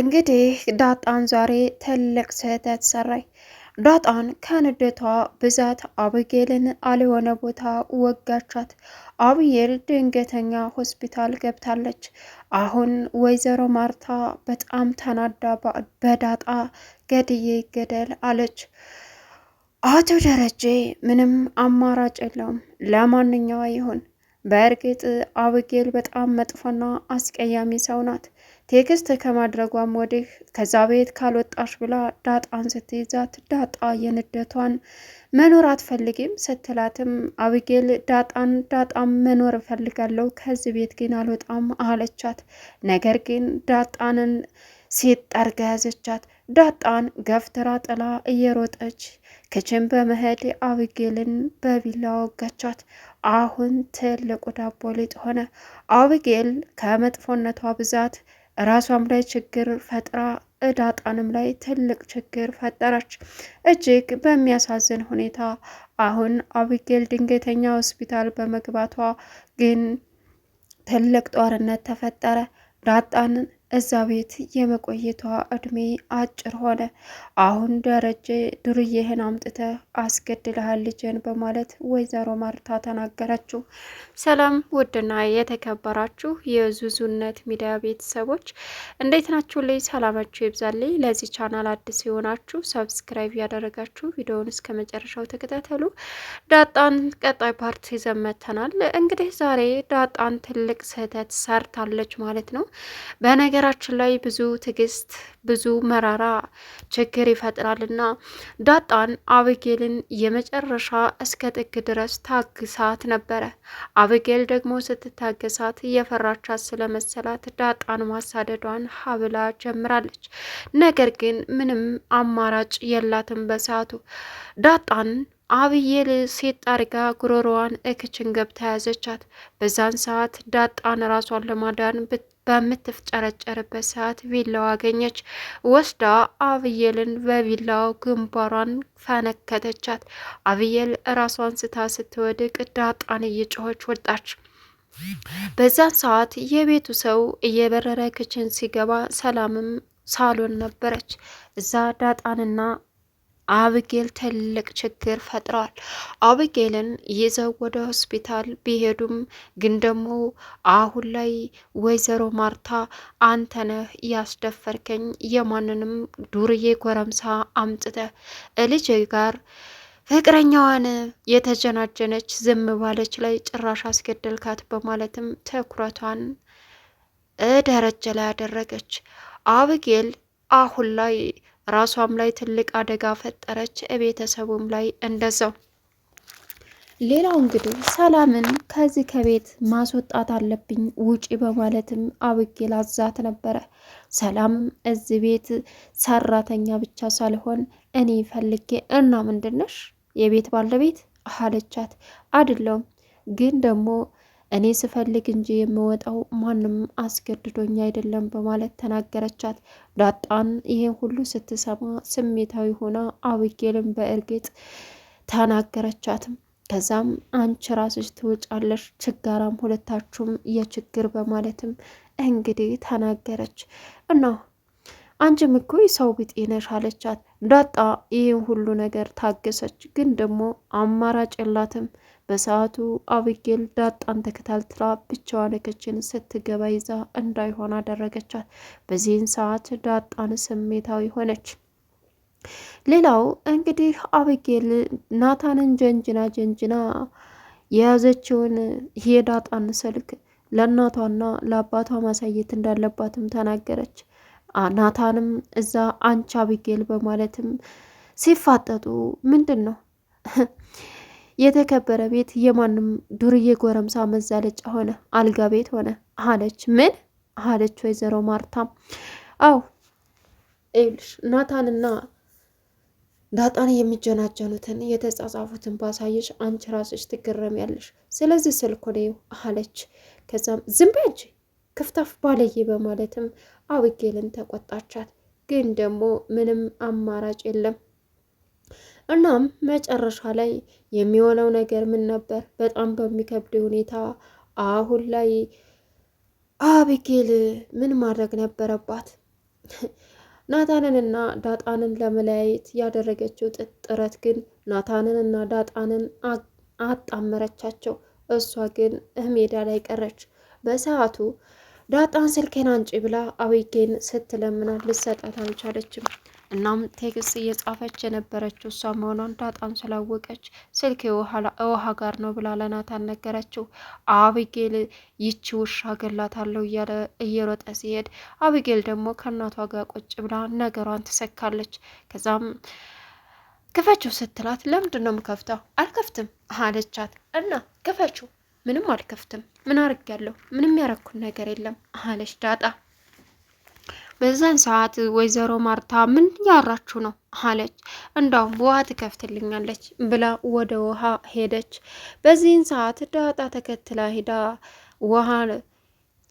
እንግዲህ ዳጣን ዛሬ ትልቅ ስህተት ሰራይ። ዳጣን ከንደቷ ብዛት አብጌልን አልሆነ ቦታ ወጋቻት። አብጌል ድንገተኛ ሆስፒታል ገብታለች። አሁን ወይዘሮ ማርታ በጣም ተናዳ በዳጣ ገድዬ ይገደል አለች። አቶ ደረጀ ምንም አማራጭ የለውም። ለማንኛዋ ይሁን በእርግጥ አብጌል በጣም መጥፎና አስቀያሚ ሰው ናት። ቴክስት ከማድረጓም ወዲህ ከዛ ቤት ካልወጣሽ ብላ ዳጣን ስትይዛት ዳጣ የንደቷን መኖር አትፈልጊም ስትላትም አብጌል ዳጣን ዳጣም መኖር እፈልጋለሁ ከዚህ ቤት ግን አልወጣም አለቻት። ነገር ግን ዳጣንን ሴት ጠርጋ ያዘቻት። ዳጣን ገፍትራ ጥላ እየሮጠች ክችን በመሄድ አብጌልን በቢላ ወጋቻት። አሁን ትልቁ ዳቦ ሊጥ ሆነ። አብጌል ከመጥፎነቷ ብዛት ራሷም ላይ ችግር ፈጥራ ዳጣንም ላይ ትልቅ ችግር ፈጠረች። እጅግ በሚያሳዝን ሁኔታ አሁን አብጌል ድንገተኛ ሆስፒታል በመግባቷ ግን ትልቅ ጦርነት ተፈጠረ። ዳጣን እዛ ቤት የመቆየቷ እድሜ አጭር ሆነ። አሁን ደረጀ ዱርዬህን አምጥተ አስገድልሃል ልጅን በማለት ወይዘሮ ማርታ ተናገረችው። ሰላም ውድና የተከበራችሁ የዙዙነት ሚዲያ ቤተሰቦች እንዴት ናችሁ? ልይ ሰላማችሁ ይብዛልኝ። ለዚህ ቻናል አዲስ የሆናችሁ ሰብስክራይብ ያደረጋችሁ ቪዲዮውን እስከ መጨረሻው ተከታተሉ። ዳጣን ቀጣይ ፓርት ይዘመተናል። እንግዲህ ዛሬ ዳጣን ትልቅ ስህተት ሰርታለች ማለት ነው በነገ በነገራችን ላይ ብዙ ትዕግስት ብዙ መራራ ችግር ይፈጥራልና ዳጣን አብጌልን የመጨረሻ እስከ ጥግ ድረስ ታግሳት ነበረ። አብጌል ደግሞ ስትታገሳት እየፈራቻት ስለመሰላት ዳጣን ማሳደዷን ሀብላ ጀምራለች። ነገር ግን ምንም አማራጭ የላትም። በሰዓቱ ዳጣን አብዬል ሴት ጣርጋ ጉሮሮዋን እክችን ገብታ ያዘቻት። በዛን ሰዓት ዳጣን ራሷን ለማዳን ብት በምትፍጨረጨርበት ሰዓት ቪላው አገኘች። ወስዳ አብየልን በቪላው ግንባሯን ፈነከተቻት። አብየል ራሷን ስታ ስትወድቅ ዳጣን እየጮኸች ወጣች። በዛን ሰዓት የቤቱ ሰው እየበረረ ክችን ሲገባ ሰላምም ሳሎን ነበረች። እዛ ዳጣንና አብጌል ትልቅ ችግር ፈጥረዋል። አብጌልን ይዘው ወደ ሆስፒታል ቢሄዱም ግን ደግሞ አሁን ላይ ወይዘሮ ማርታ አንተነህ ያስደፈርከኝ የማንንም ዱርዬ ጎረምሳ አምጥተህ ልጄ ጋር ፍቅረኛዋን የተጀናጀነች ዝም ባለች ላይ ጭራሽ አስገደልካት በማለትም ትኩረቷን ደረጀ ላይ ያደረገች አብጌል አሁን ላይ ራሷም ላይ ትልቅ አደጋ ፈጠረች፣ ቤተሰቡም ላይ እንደዛው። ሌላው እንግዲህ ሰላምን ከዚህ ከቤት ማስወጣት አለብኝ ውጪ በማለትም አብጌል አዛት ነበረ። ሰላምም እዚህ ቤት ሰራተኛ ብቻ ሳልሆን እኔ ፈልጌ እና ምንድነሽ የቤት ባለቤት አለቻት። አይደለሁም ግን ደግሞ እኔ ስፈልግ እንጂ የምወጣው ማንም አስገድዶኝ አይደለም በማለት ተናገረቻት። ዳጣን ይሄን ሁሉ ስትሰማ ስሜታዊ ሆና አብጌልን በእርግጥ ተናገረቻትም። ከዛም አንቺ ራስሽ ትውጫለሽ፣ ችጋራም ሁለታችሁም የችግር በማለትም እንግዲህ ተናገረች እና አንቺም እኮ የሰው ቢጤ ነሽ አለቻት። ዳጣ ይህን ሁሉ ነገር ታገሰች፣ ግን ደግሞ አማራጭ የላትም። በሰዓቱ አብጌል ዳጣን ተከታትላ ብቻዋን ክችን ስትገባ ይዛ እንዳይሆን አደረገቻት። በዚህን ሰዓት ዳጣን ስሜታዊ ሆነች። ሌላው እንግዲህ አብጌል ናታንን ጀንጅና ጀንጅና የያዘችውን የዳጣን ስልክ ለእናቷና ለአባቷ ማሳየት እንዳለባትም ተናገረች። ናታንም እዛ አንቺ አብጌል በማለትም ሲፋጠጡ ምንድን ነው የተከበረ ቤት የማንም ዱርዬ ጎረምሳ መዛለጫ ሆነ፣ አልጋ ቤት ሆነ አለች። ምን አለች ወይዘሮ ማርታ? አው ይኸውልሽ ናታንና ዳጣን የሚጀናጀኑትን የተጻጻፉትን ባሳየሽ አንቺ ራስሽ ትገረሚያለሽ። ስለዚህ ስልኩ ነው አለች። ከዛም ዝም በይ አንቺ ክፍታፍ ባለዬ በማለትም አብጌልን ተቆጣቻት። ግን ደግሞ ምንም አማራጭ የለም። እናም መጨረሻ ላይ የሚሆነው ነገር ምን ነበር? በጣም በሚከብድ ሁኔታ አሁን ላይ አብጌል ምን ማድረግ ነበረባት? ናታንንና ዳጣንን ለመለያየት ያደረገችው ጥረት ግን ናታንንና ዳጣንን አጣመረቻቸው። እሷ ግን ሜዳ ላይ ቀረች በሰዓቱ ዳጣን ስልኬን አንጪ ብላ አዊጌን ስትለምናት ልሰጣት አልቻለችም። እናም ቴክስት እየጻፈች የነበረችው እሷ መሆኗን ዳጣን ስላወቀች ስልክ ውሃ ጋር ነው ብላ ለናታን ነገረችው። አቢጌል ይቺ ውሻ ገላታለሁ እያለ እየሮጠ ሲሄድ አቢጌል ደግሞ ከእናቷ ጋር ቁጭ ብላ ነገሯን ትሰካለች። ከዛም ክፈችው ስትላት ለምንድን ነው የምከፍተው? አልከፍትም አለቻት እና ክፈችው ምንም አልከፍትም፣ ምን ያለው ምንም ያረኩን ነገር የለም አለች ዳጣ። በዛን ሰዓት ወይዘሮ ማርታ ምን ያወራችሁ ነው አለች። እንዳውም ውሃ ትከፍትልኛለች ብላ ወደ ውሃ ሄደች። በዚህን ሰዓት ዳጣ ተከትላ ሂዳ ውሃ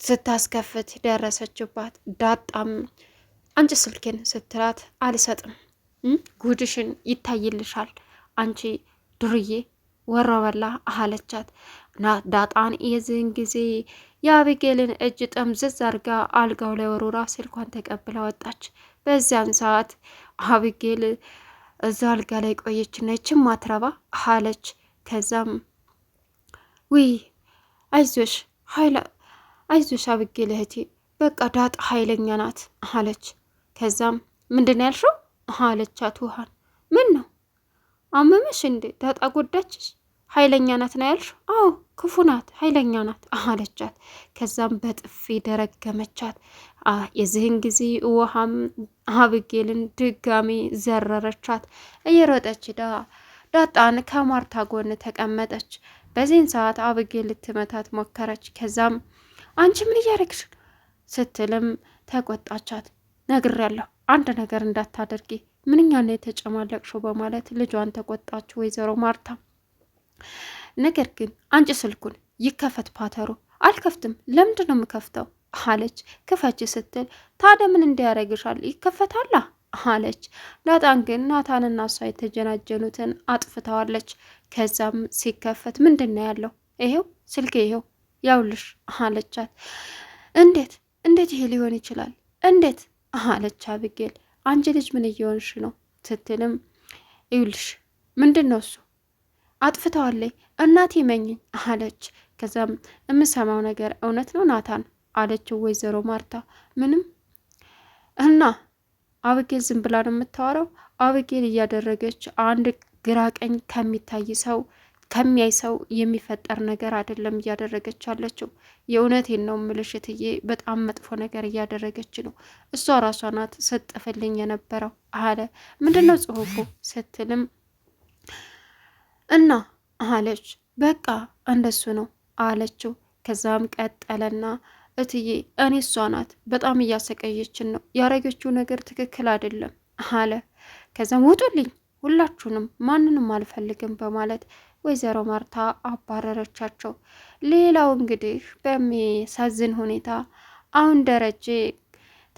ስታስከፍት ደረሰችባት። ዳጣም አንቺ ስልኬን ስትላት አልሰጥም፣ ጉድሽን ይታይልሻል አንቺ ዱርዬ ወሮበላ አለቻት። ዳጣን የዚህን ጊዜ የአብጌልን እጅ ጠምዝዝ አርጋ አልጋው ላይ ወሮራ ስልኳን ተቀብላ ወጣች። በዚያን ሰዓት አብጌል እዛ አልጋ ላይ ቆየች። ነችም ማትረባ አለች። ከዛም ውይ አይዞሽ አይዞሽ አብጌል እህቴ በቃ ዳጣ ኃይለኛ ናት አለች። ከዛም ምንድን ያልሽው አለቻት ውሃን። ምን ነው አመመሽ እንዴ ዳጣ ጎዳችሽ? ኃይለኛ ናት ነው ያልሽ? አዎ ክፉ ናት፣ ኃይለኛ ናት አለቻት። ከዛም በጥፊ ደረገመቻት። የዚህን ጊዜ ውሃም አብጌልን ድጋሚ ዘረረቻት። እየሮጠች ዳ ዳጣን ከማርታ ጎን ተቀመጠች። በዚህን ሰዓት አብጌል ልትመታት ሞከረች። ከዛም አንቺ ምን እያደረግሽ ስትልም ተቆጣቻት። ነግሬያለሁ አንድ ነገር እንዳታደርጊ ምንኛ ነው የተጨማለቅሽው በማለት ልጇን ተቆጣች ወይዘሮ ማርታ ነገር ግን አንጭ ስልኩን ይከፈት ፓተሩ። አልከፍትም። ለምንድን ነው የምከፍተው አለች። ክፈች ስትል ታዲያ ምን እንዲያደርግሻል ይከፈታላ አለች። ናጣን ግን ናታንና እሷ የተጀናጀኑትን አጥፍተዋለች። ከዛም ሲከፈት ምንድን ነው ያለው? ይሄው ስልክ ይሄው ያውልሽ አለቻት። እንዴት እንዴት ይሄ ሊሆን ይችላል? እንዴት አለች አብጌል። አንቺ ልጅ ምን እየሆንሽ ነው ስትልም ይውልሽ ምንድን ነው እሱ አጥፍተዋለይ እናቴ መኝኝ አለች። ከዛም የምሰማው ነገር እውነት ነው ናታን አለችው ወይዘሮ ማርታ። ምንም እና አብጌል ዝም ብላ ነው የምታወራው። አብጌል እያደረገች አንድ ግራ ቀኝ ከሚታይ ሰው ከሚያይ ሰው የሚፈጠር ነገር አይደለም እያደረገች አለችው። የእውነቴን ነው ምልሽትዬ፣ በጣም መጥፎ ነገር እያደረገች ነው። እሷ ራሷ ናት ስትጥፍልኝ የነበረው አለ። ምንድን ነው ጽሁፉ ስትልም እና አለች። በቃ እንደሱ ነው አለችው። ከዛም ቀጠለና እትዬ እኔ እሷ ናት በጣም እያሰቀየችን ነው ያረገችው ነገር ትክክል አይደለም አለ። ከዛም ውጡልኝ ሁላችሁንም ማንንም አልፈልግም በማለት ወይዘሮ ማርታ አባረረቻቸው። ሌላው እንግዲህ በሚያሳዝን ሁኔታ አሁን ደረጀ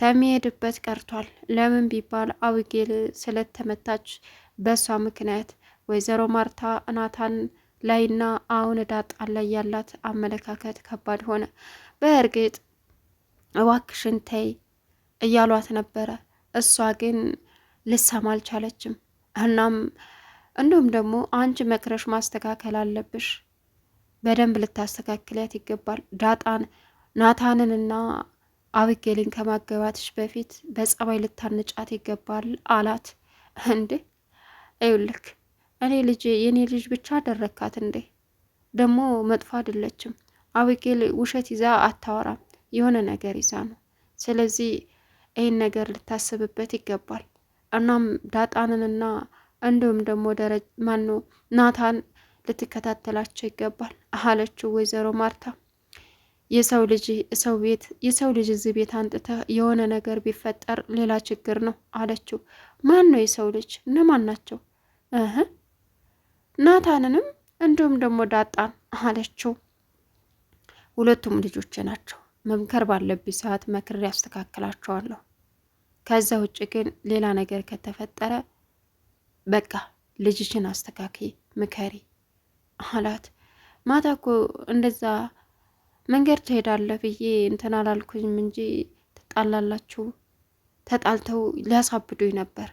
ከሚሄድበት ቀርቷል። ለምን ቢባል አብጌል ስለተመታች በእሷ ምክንያት ወይዘሮ ማርታ ናታን ላይና አሁን ዳጣን ላይ ያላት አመለካከት ከባድ ሆነ። በእርግጥ እባክሽን ተይ እያሏት ነበረ። እሷ ግን ልሰማ አልቻለችም። እናም እንዲሁም ደግሞ አንቺ መክረሽ ማስተካከል አለብሽ፣ በደንብ ልታስተካክልያት ይገባል። ዳጣን ናታንንና አብጌልን ከማገባትሽ በፊት በጸባይ ልታንጫት ይገባል አላት። እንዴ ይውልክ እኔ ልጅ የእኔ ልጅ ብቻ አደረግካት እንዴ? ደግሞ መጥፎ አይደለችም። አዊጌል ውሸት ይዛ አታወራም፣ የሆነ ነገር ይዛ ነው። ስለዚህ ይህን ነገር ልታስብበት ይገባል። እናም ዳጣንንና እንዲሁም ደግሞ ደረጀ ናታን ልትከታተላቸው ይገባል አለችው ወይዘሮ ማርታ። የሰው ልጅ ሰው ቤት የሰው ልጅ እዚህ ቤት አንጥተህ የሆነ ነገር ቢፈጠር ሌላ ችግር ነው አለችው። ማን ነው የሰው ልጅ እነማን ናቸው? ናታንንም እንዲሁም ደግሞ ዳጣን አለችው። ሁለቱም ልጆቼ ናቸው። መምከር ባለብኝ ሰዓት መክሬ ያስተካክላቸዋለሁ። ከዛ ውጭ ግን ሌላ ነገር ከተፈጠረ በቃ ልጅችን አስተካኪ ምከሪ አላት። ማታ እኮ እንደዛ መንገድ ትሄዳለ ብዬ እንትን አላልኩኝም እንጂ ትጣላላችሁ፣ ተጣልተው ሊያሳብዱኝ ነበር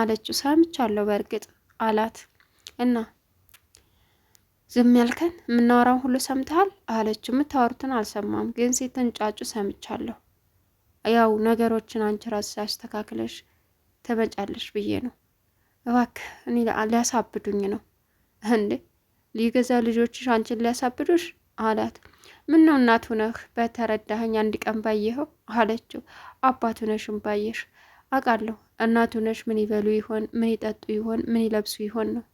አለችው። ሰምቻለሁ በእርግጥ አላት። እና ዝም ያልከን የምናወራውን ሁሉ ሰምተሃል አለች። የምታወሩትን አልሰማም፣ ግን ሲተንጫጩ ሰምቻለሁ። ያው ነገሮችን አንቺ ራስሽ አስተካክለሽ ትመጫለሽ ብዬ ነው። እባክህ እኔ ሊያሳብዱኝ ነው እንዴ? ሊገዛ ልጆችሽ አንቺን ሊያሳብዱሽ አላት። ምን ነው እናት ሁነህ በተረዳኸኝ አንድ ቀን ባየኸው አለችው። አባት ነሽም ባየሽ አውቃለሁ። እናት ሁነሽ ምን ይበሉ ይሆን? ምን ይጠጡ ይሆን? ምን ይለብሱ ይሆን ነው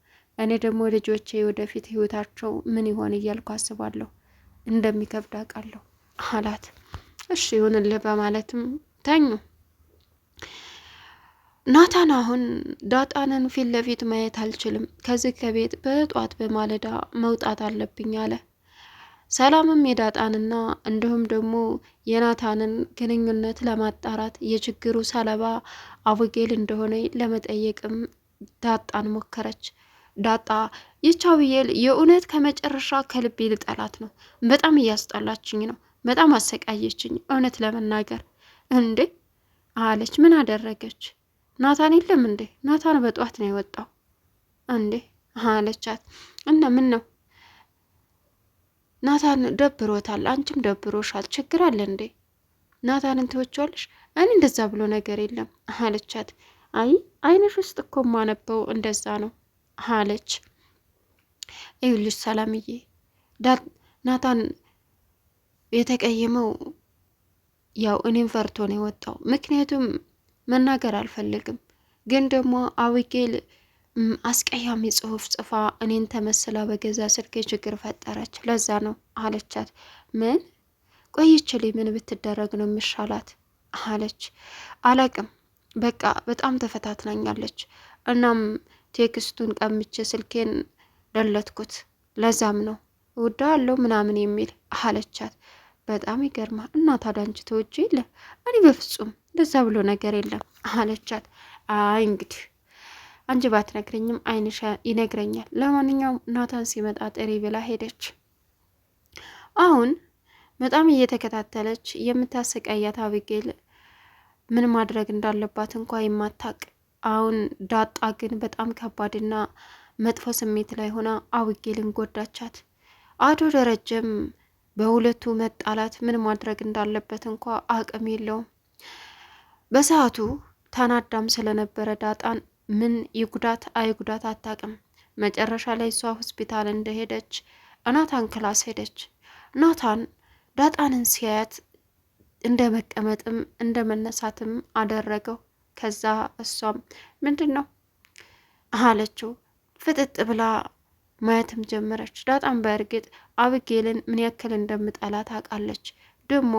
እኔ ደግሞ ልጆቼ ወደፊት ህይወታቸው ምን ይሆን እያልኩ አስባለሁ። እንደሚከብድ አውቃለሁ አላት። እሺ ይሁንልህ በማለትም ተኙ። ናታን አሁን ዳጣንን ፊት ለፊት ማየት አልችልም፣ ከዚህ ከቤት በጧት በማለዳ መውጣት አለብኝ አለ። ሰላምም የዳጣንና እንዲሁም ደግሞ የናታንን ግንኙነት ለማጣራት የችግሩ ሰለባ አቡጌል እንደሆነ ለመጠየቅም ዳጣን ሞከረች። ዳጣ ይቻውዬል የእውነት ከመጨረሻ ከልቤ ልጠላት ነው። በጣም እያስጠላችኝ ነው። በጣም አሰቃየችኝ እውነት ለመናገር እንዴ አለች። ምን አደረገች? ናታን የለም እንዴ? ናታን በጧት ነው የወጣው እንዴ አለቻት። እና ምን ነው ናታን ደብሮታል፣ አንቺም ደብሮሻል፣ ችግር አለ እንዴ? ናታንን ትወጪዋለሽ? እኔ እንደዛ ብሎ ነገር የለም አለቻት። አይ አይንሽ ውስጥ እኮ ማነበው እንደዛ ነው አለች። ይኸውልሽ ሰላምዬ፣ ናታን የተቀየመው ያው እኔም ፈርቶ ነው የወጣው። ምክንያቱም መናገር አልፈልግም፣ ግን ደግሞ አዊጌል አስቀያሚ ጽሁፍ ጽፋ እኔን ተመስላ በገዛ ስልኬ ችግር ፈጠረች፣ ለዛ ነው አለቻት። ምን ቆይችል ምን ብትደረግ ነው የሚሻላት አለች። አላቅም በቃ በጣም ተፈታትናኛለች እናም ቴክስቱን ቀምቼ ስልኬን ደለትኩት። ለዛም ነው ውዳ አለው ምናምን የሚል አለቻት። በጣም ይገርማል። እና ታዲያ አንቺ ተወጪ የለ እኔ በፍጹም እንደዛ ብሎ ነገር የለም አለቻት። አይ እንግዲህ አንቺ ባትነግረኝም አይንሻ ይነግረኛል። ለማንኛውም ናታን ሲመጣ ጥሪ ብላ ሄደች። አሁን በጣም እየተከታተለች የምታሰቃያት አብጌል ምን ማድረግ እንዳለባት እንኳ የማታቅ አሁን ዳጣ ግን በጣም ከባድና መጥፎ ስሜት ላይ ሆና አውጌ ልንጎዳቻት አቶ ደረጀም በሁለቱ መጣላት ምን ማድረግ እንዳለበት እንኳ አቅም የለውም። በሰዓቱ ታናዳም ስለነበረ ዳጣን ምን ይጉዳት አይጉዳት አታቅም። መጨረሻ ላይ እሷ ሆስፒታል እንደሄደች እናታን ክላስ ሄደች። ናታን ዳጣንን ሲያያት እንደ መቀመጥም እንደ መነሳትም አደረገው። ከዛ እሷም ምንድን ነው አለችው። ፍጥጥ ብላ ማየትም ጀመረች። ዳጣም በእርግጥ አብጌልን ምን ያክል እንደምጠላት አውቃለች። ደግሞ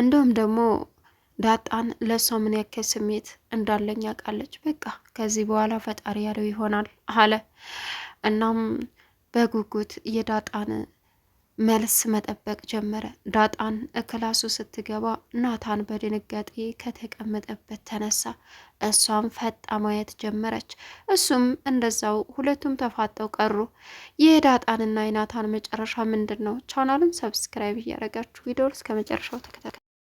እንዲሁም ደግሞ ዳጣን ለእሷ ምን ያክል ስሜት እንዳለኝ አውቃለች። በቃ ከዚህ በኋላ ፈጣሪ ያለው ይሆናል አለ። እናም በጉጉት የዳጣን መልስ መጠበቅ ጀመረ። ዳጣን እክላሱ ስትገባ ናታን በድንጋጤ ከተቀመጠበት ተነሳ። እሷም ፈጣ ማየት ጀመረች፣ እሱም እንደዛው። ሁለቱም ተፋጠው ቀሩ። ይህ ዳጣንና የናታን መጨረሻ ምንድን ነው? ቻናሉን ሰብስክራይብ እያደረጋችሁ ቪዲዮ እስከ መጨረሻው ተከታተሉ።